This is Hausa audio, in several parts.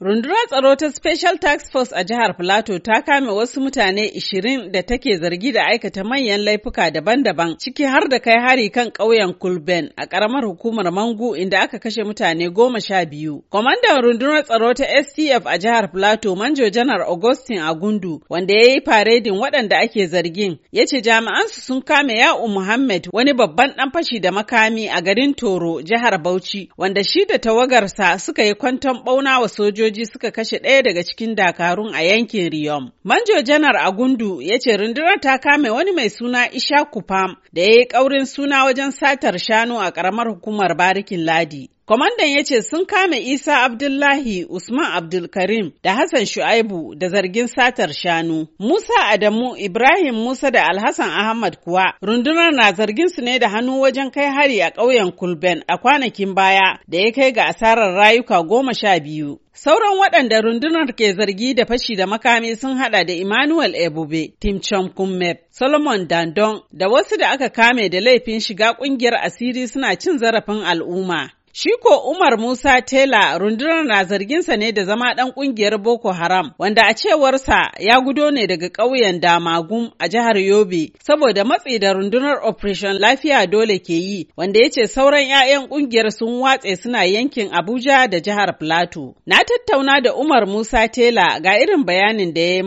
Rundunar tsaro ta Special Task Force a jihar Filato ta kame wasu mutane 20 da take zargi da aikata manyan laifuka daban-daban ciki har da kai hari kan ƙauyen Kulben a ƙaramar hukumar Mangu inda aka kashe mutane goma sha biyu. Kwamandan rundunar tsaro ta STF a jihar Filato Manjo Janar Augustin Agundu wanda ya yi faredin waɗanda ake zargin ya ce jami'ansu sun kame Ya'u Muhammad wani babban ɗan fashi da makami a garin Toro jihar Bauchi wanda shi da tawagarsa suka yi kwanton ɓauna wa sojoji sojoji suka kashe ɗaya daga cikin dakarun a yankin Riyom. Manjo Janar Agundu ya ce rundunar ta kame wani mai suna Ishaku Pam da ya yi ƙaurin suna wajen satar shanu a ƙaramar hukumar Barikin Ladi. Kwamandan ya ce sun kame Isa Abdullahi Usman Abdulkarim da Hassan Shu'aibu da zargin satar shanu. Musa Adamu Ibrahim Musa da Alhassan Ahmad kuwa rundunar na zargin su ne da hannu wajen kai hari a ƙauyen Kulben a kwanakin baya da ya kai ga asarar rayuka goma sha biyu. Sauran waɗanda rundunar ke zargi da fashi da makami sun haɗa da Emmanuel Ebube, Tim Kummep, Solomon Dandong da wasu da aka kame da laifin shiga ƙungiyar asiri suna cin zarafin al'umma. Shi ko Umar Musa Tela rundunar na zarginsa ne da zama ɗan ƙungiyar Boko Haram, wanda a cewarsa ya gudo ne daga ƙauyen Damagum a jihar Yobe saboda matsi da rundunar Operation Lafiya dole ke yi, wanda ya ce sauran 'ya'yan ƙungiyar sun watse suna yankin Abuja da jihar Plateau. Na tattauna da Umar Musa Tela ga irin bayanin da ya yi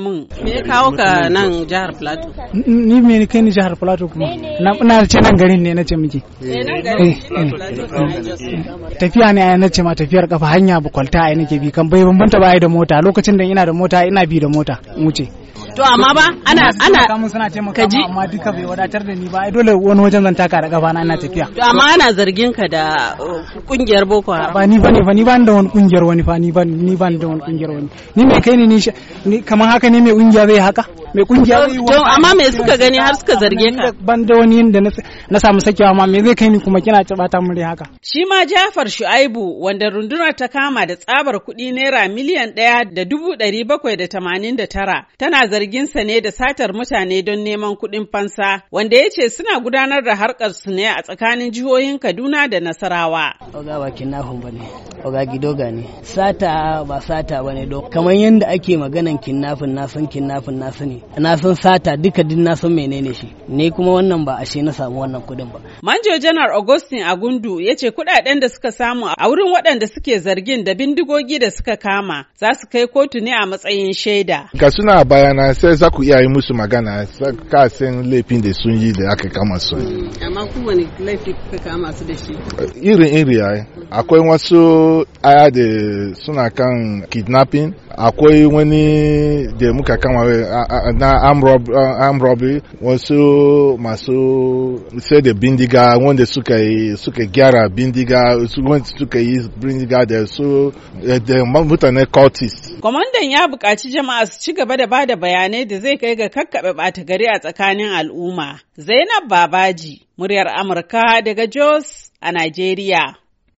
min. tafiya ne na ce ma tafiyar kafa hanya bukwalta ai nake bi kan bai bambanta ba da mota lokacin da ina da mota ina bi da mota wuce to amma ba ana ana kamun suna taimaka kaji amma duka bai wadatar da ni ba ai dole wani wajen zan taka da kafa na ina tafiya to amma ana zargin ka da kungiyar uh, boko haram ba ni ba ni ba ni ba da wani kungiyar wani fa ni ba ni ba da wani kungiyar wani ni mai kai ne ni kamar haka ne mai kungiya zai haka mai kungiya zai wa amma me suka gani har suka zarge ka ban da wani yanda na samu sakewa ma me zai kai ni kuma kina ta muri haka shi ma Jafar Shu'aibu wanda rundunar ta kama da tsabar kuɗi naira miliyan ɗaya da dubu ɗari bakwai da tamanin da tara tana zargin sa ne da satar mutane don neman kuɗin fansa wanda ya ce suna gudanar da harkar su ne a tsakanin jihohin Kaduna da Nasarawa. Oga ba kinnafin ba ne, oga gidoga ne. Sata ba sata ba ne kamar yadda ake maganan kinnafin na san kinnafin na sani na san sata duka din na san menene shi ne kuma wannan ba ashe na samu wannan kudin ba manjo janar augustin agundu ya ce kudaden da suka samu a wurin waɗanda suke zargin da bindigogi da suka kama za su kai kotu ne a matsayin shaida ga suna bayana sai za ku iya yi musu magana ka san laifin da sun yi da aka kama su mm, amma wani laifi kuka kama su da shi irin iri akwai wasu aya da suna kan kidnapping akwai wani da muka kama na arm uh, robbery wasu masu sai da bindiga wanda suka yi suka gyara bindiga wanda suka yi bindiga da su da mutane cultist. Kwamandan ya buƙaci jama'a su ci gaba da bada bayanai da zai kai ga kakkaɓe ɓata gari a tsakanin al'umma. Zainab Babaji, muryar Amurka daga Jos a Najeriya.